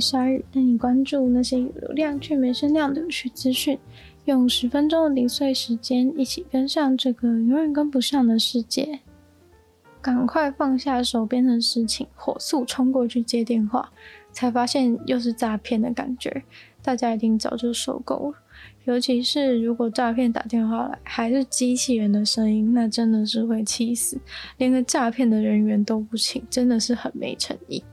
鯊語，帶你關注那些有流量卻沒聲量的有趣資訊，用十分鐘的零碎時間，一起跟上這個永遠跟不上的世界。趕快放下手邊的事情，火速衝過去接電話，才發現又是詐騙的感覺。大家一定早就受夠了。尤其是如果詐騙打電話來還是機器人的聲音，那真的是會氣死。連個詐騙的人員都不請，真的是很沒誠意。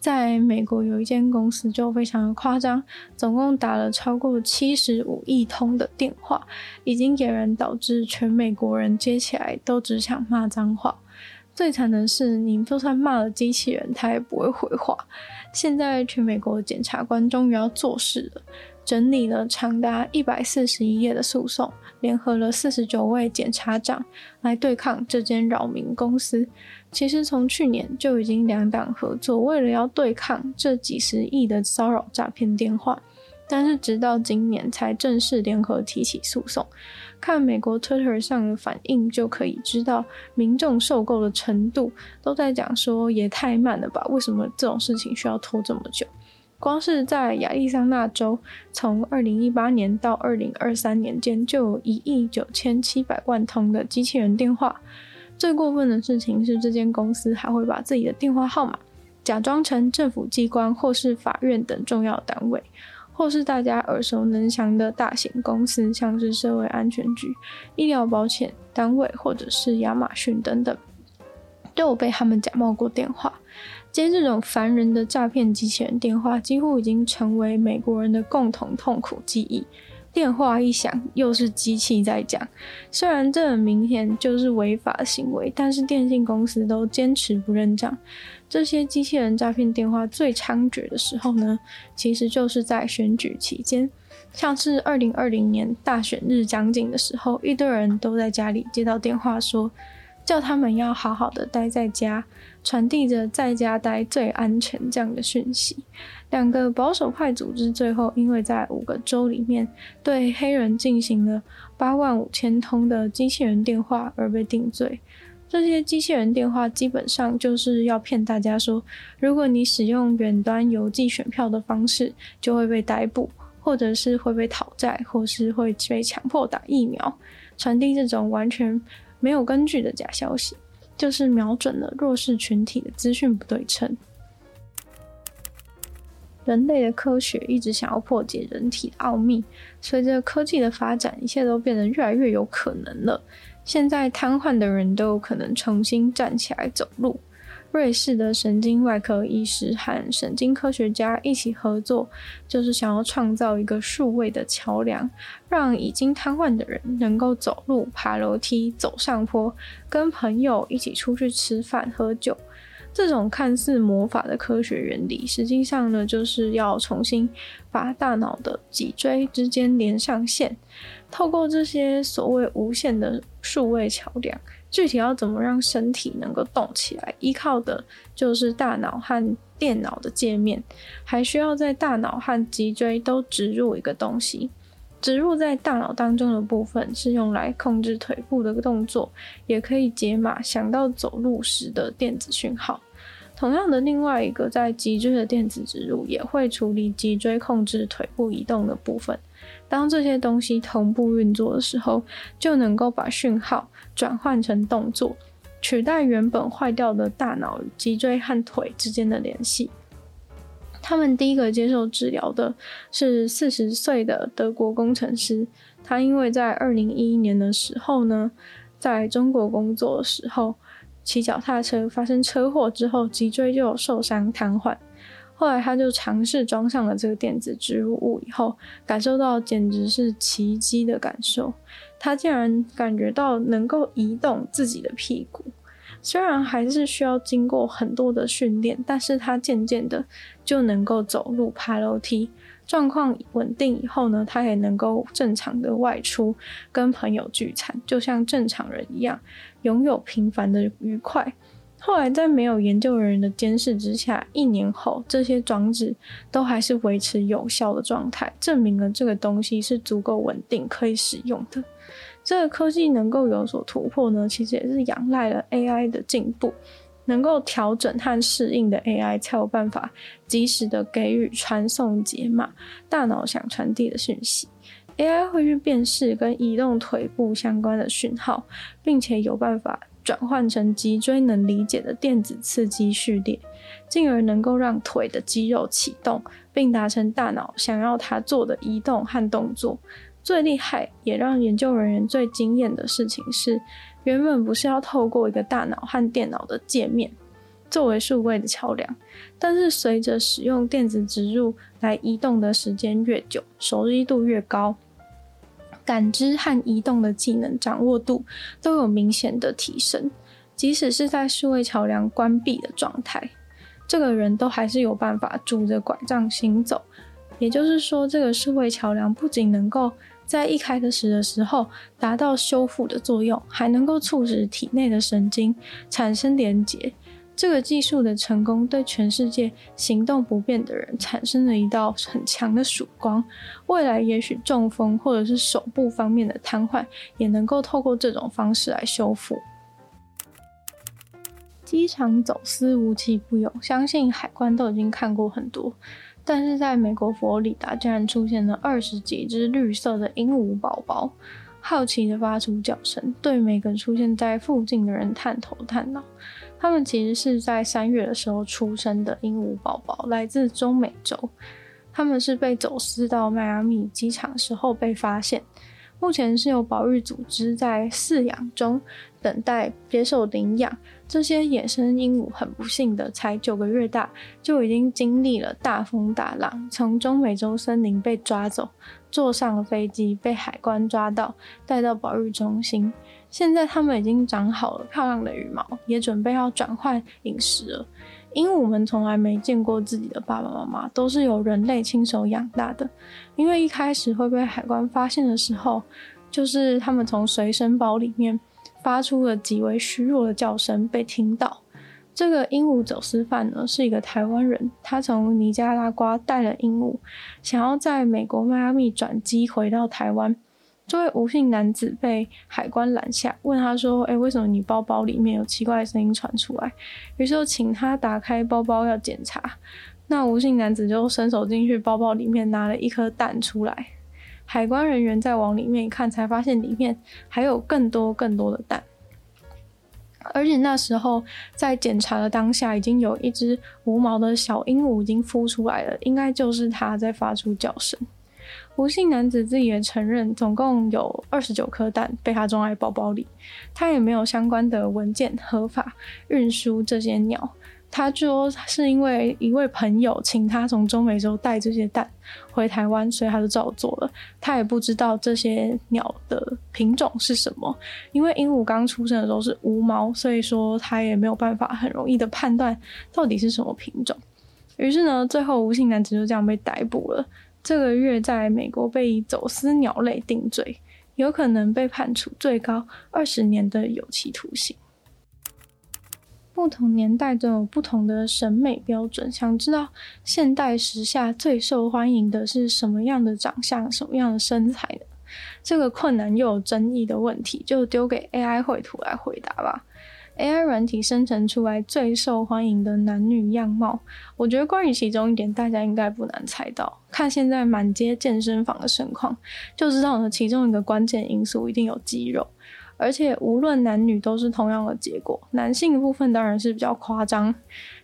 在美國，有一間公司就非常的誇張，總共打了超過七十五億通的電話，已經給人導致全美國人接起來都只想罵髒話。最慘的是，你就算罵了機器人，他也不會回話。現在，全美國檢察官終於要做事了。整理了長達一百四十一頁的訴訟，聯合了四十九位檢察長來對抗這間擾民公司。其實從去年就已經兩黨合作，為了要對抗這幾十億的騷擾詐騙電話，但是直到今年才正式聯合提起訴訟。看美國 Twitter 上的反應就可以知道，民眾受夠的程度都在講說，也太慢了吧？為什麼這種事情需要拖這麼久？光是在亞利桑那州，從二零一八年到二零二三年間，就有一億九千七百萬通的機器人電話。最過分的事情是，這間公司還會把自己的電話號碼假裝成政府機關或是法院等重要單位，或是大家耳熟能詳的大型公司，像是社會安全局、醫療保險單位，或者是亞馬遜等等，都有被他們假冒過電話。接這種煩人的詐騙機器人電話，幾乎已經成為美國人的共同痛苦記憶。電話一響，又是機器在講。雖然這很明顯就是違法行為，但是電信公司都堅持不認賬。這些機器人詐騙電話最猖獗的時候呢，其實就是在選舉期間，像是二零二零年大選日將近的時候，一堆人都在家裡接到電話說。叫他們要好好的待在家，傳遞着在家待最安全這樣的訊息。兩個保守派組織最後因為在五個州裡面對黑人進行了八萬五千通的機器人電話而被定罪。這些機器人電話基本上就是要騙大家說，如果你使用遠端郵寄選票的方式就會被逮捕，或者是會被討債，或是會被強迫打疫苗，傳遞這種完全。沒有根據的假消息，就是瞄準了弱勢群體的資訊不對稱。人類的科學一直想要破解人體的奧秘，隨着科技的發展，一切都變得越來越有可能了。現在癱瘓的人都有可能重新站起來走路。瑞士的神經外科醫師和神經科學家一起合作，就是想要創造一個數位的橋梁，讓已經癱瘓的人能夠走路、爬樓梯、走上坡，跟朋友一起出去吃飯、喝酒。這種看似魔法的科學原理，實際上呢，就是要重新把大腦的脊椎之間連上線，透過這些所謂無線的數位橋梁。具體要怎麼讓身體能夠動起來，依靠的就是大腦和電腦的界面，還需要在大腦和脊椎都植入一個東西。植入在大腦當中的部分是用來控制腿部的動作，也可以解碼想到走路時的電子訊號。同樣的，另外一個在脊椎的電子植入也會處理脊椎控制腿部移動的部分。當這些東西同步運作的時候，就能夠把訊號轉換成動作，取代原本壞掉的大腦、脊椎和腿之間的聯繫。他們第一個接受治療的是四十歲的德國工程師，他因為在二零一一年的時候呢，在中國工作的時候，騎腳踏車發生車禍之後，脊椎就有受傷癱瘓。後來，他就嘗試裝上了這個電子植入物，物以後，感受到簡直是奇蹟的感受。他竟然感覺到能夠移動自己的屁股，雖然還是需要經過很多的訓練，但是他漸漸的就能夠走路、爬樓梯。狀況穩定以後呢，他也能夠正常的外出，跟朋友聚餐，就像正常人一樣，擁有平凡的愉快。後來，在沒有研究人員的監視之下，一年後，這些裝置都還是維持有效的狀態，證明了這個東西是足夠穩定可以使用的。這個科技能夠有所突破呢，其實也是仰賴了 AI 的進步，能夠調整和適應的 AI 才有辦法及時的給予傳送解碼大腦想傳遞的訊息。AI 會去辨識跟移動腿部相關的訊號，並且有辦法。轉換成脊椎能理解的電子刺激序列，進而能夠讓腿的肌肉啟動，並達成大腦想要它做的移動和動作。最厲害，也讓研究人員最驚艷的事情是，原本不是要透過一個大腦和電腦的界面作為數位的橋樑，但是隨着使用電子植入來移動的時間越久，熟悉度越高。感知和移動的技能掌握度都有明顯的提升，即使是在數位橋梁關閉的狀態，這個人都還是有辦法拄着拐杖行走。也就是說，這個數位橋梁不僅能夠在一開始的時候達到修復的作用，還能夠促使體內的神經產生連結。這個技術的成功對全世界行動不便的人產生了一道很強的曙光。未來也許中風或者是手部方面的癱瘓也能夠透過這種方式來修復。機場走私無奇不有，相信海關都已經看過很多。但是在美國佛羅里達竟然出現了二十幾隻綠色的鸚鵡寶寶。好奇地發出叫聲，對每個出現在附近的人探頭探腦。他們其實是在三月的時候出生的鸚鵡寶寶，來自中美洲。他們是被走私到邁阿密機場的時候被發現，目前是由保育組織在飼養中，等待接受領養。這些野生鸚鵡很不幸的才九個月大，就已經經歷了大風大浪，從中美洲森林被抓走，坐上了飛機，被海關抓到，帶到保育中心。現在他們已經長好了漂亮的羽毛，也準備要轉換飲食了。鸚鵡們從來沒見過自己的爸爸媽媽，都是由人類親手養大的。因為一開始會被海關發現的時候，就是他們從隨身包裡面發出了極為虛弱的叫聲，被聽到。這個鸚鵡走私犯呢，是一個台灣人，他從尼加拉瓜帶了鸚鵡，想要在美國邁阿密轉機回到台灣。這位吳姓男子被海關攔下，問他說：“誒，為什麼你包包裡面有奇怪的聲音傳出來？”於是請他打開包包要檢查。那吳姓男子就伸手進去包包裡面拿了一顆蛋出來，海關人員再往裡面一看，才發現裡面還有更多更多的蛋。而且那時候，在檢查的當下，已經有一隻無毛的小鸚鵡已經孵出來了，應該就是它在發出叫聲。吳姓男子自己也承認，總共有二十九顆蛋被他裝在包包裡，他也沒有相關的文件合法運輸這些鳥。他說是因為一位朋友請他從中美洲帶這些蛋回台灣，所以他就照做了。他也不知道這些鳥的品種是什麼，因為鸚鵡剛出生的時候是無毛，所以說他也沒有辦法很容易的判斷到底是什麼品種。於是呢，最後吳姓男子就這樣被逮捕了。這個月在美國被以走私鳥類定罪，有可能被判處最高二十年的有期徒刑。不同年代都有不同的審美標準，想知道現代時下最受歡迎的是什麼樣的長相、什麼樣的身材呢？這個困難又有爭議的問題，就丟給 AI 繪圖來回答吧。AI 軟體生成出來最受歡迎的男女樣貌，我覺得關於其中一點，大家應該不難猜到。看現在滿街健身房的盛況，就知道了。其中一個關鍵因素一定有肌肉。而且無論男女都是同樣的結果。男性的部分當然是比較誇張，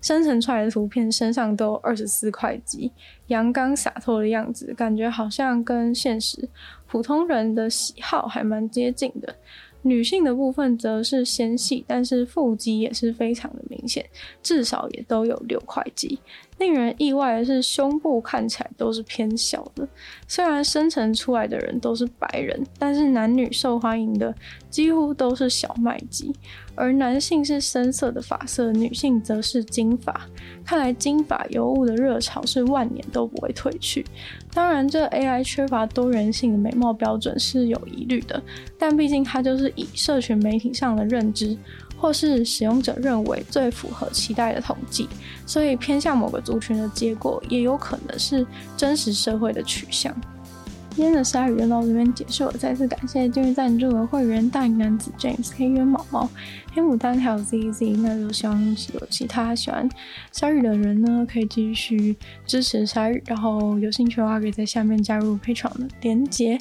生成出來的圖片身上都有二十四塊肌，陽剛灑脫的樣子，感覺好像跟現實普通人的喜好還蠻接近的。女性的部分則是纖細，但是腹肌也是非常的明顯，至少也都有六塊肌。令人意外的是，胸部看起來都是偏小的。雖然生成出來的人都是白人，但是男女受歡迎的幾乎都是小麥肌，而男性是深色的髮色，女性則是金髮。看來金髮尤物的熱潮是萬年都不會褪去。當然，這 AI 缺乏多元性的美貌標準是有疑慮的，但畢竟它就是以社群媒體上的認知。或是使用者認為最符合期待的統計，所以偏向某個族群的結果，也有可能是真實社會的取向。今天的鯊魚就到這邊結束了，再次感謝今日贊助的會員大魚男子 James、黑淵毛毛、黑牡丹還有 Z Z。那就希望有其他喜歡鯊魚的人呢，可以繼續支持鯊魚。然後有興趣的話，可以在下面加入 Patreon 的連結。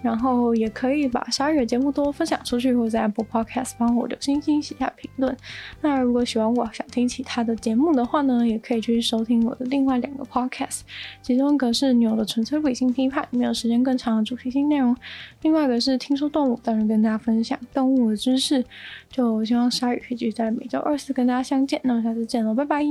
然後也可以把鯊魚的節目多分享出去，或者在 Apple Podcast 幫我留星星、寫下評論。那如果喜歡我，想聽其他的節目的話呢，也可以繼續收聽我的另外兩個 Podcast，其中一個是《女友的純粹不理性批判》，沒有時間。更長的主題性內容，另外一個是聽說動物，當然跟大家分享動物的知識。就希望鯊魚可以繼續在每周二四跟大家相見，那我們下次見了，拜拜。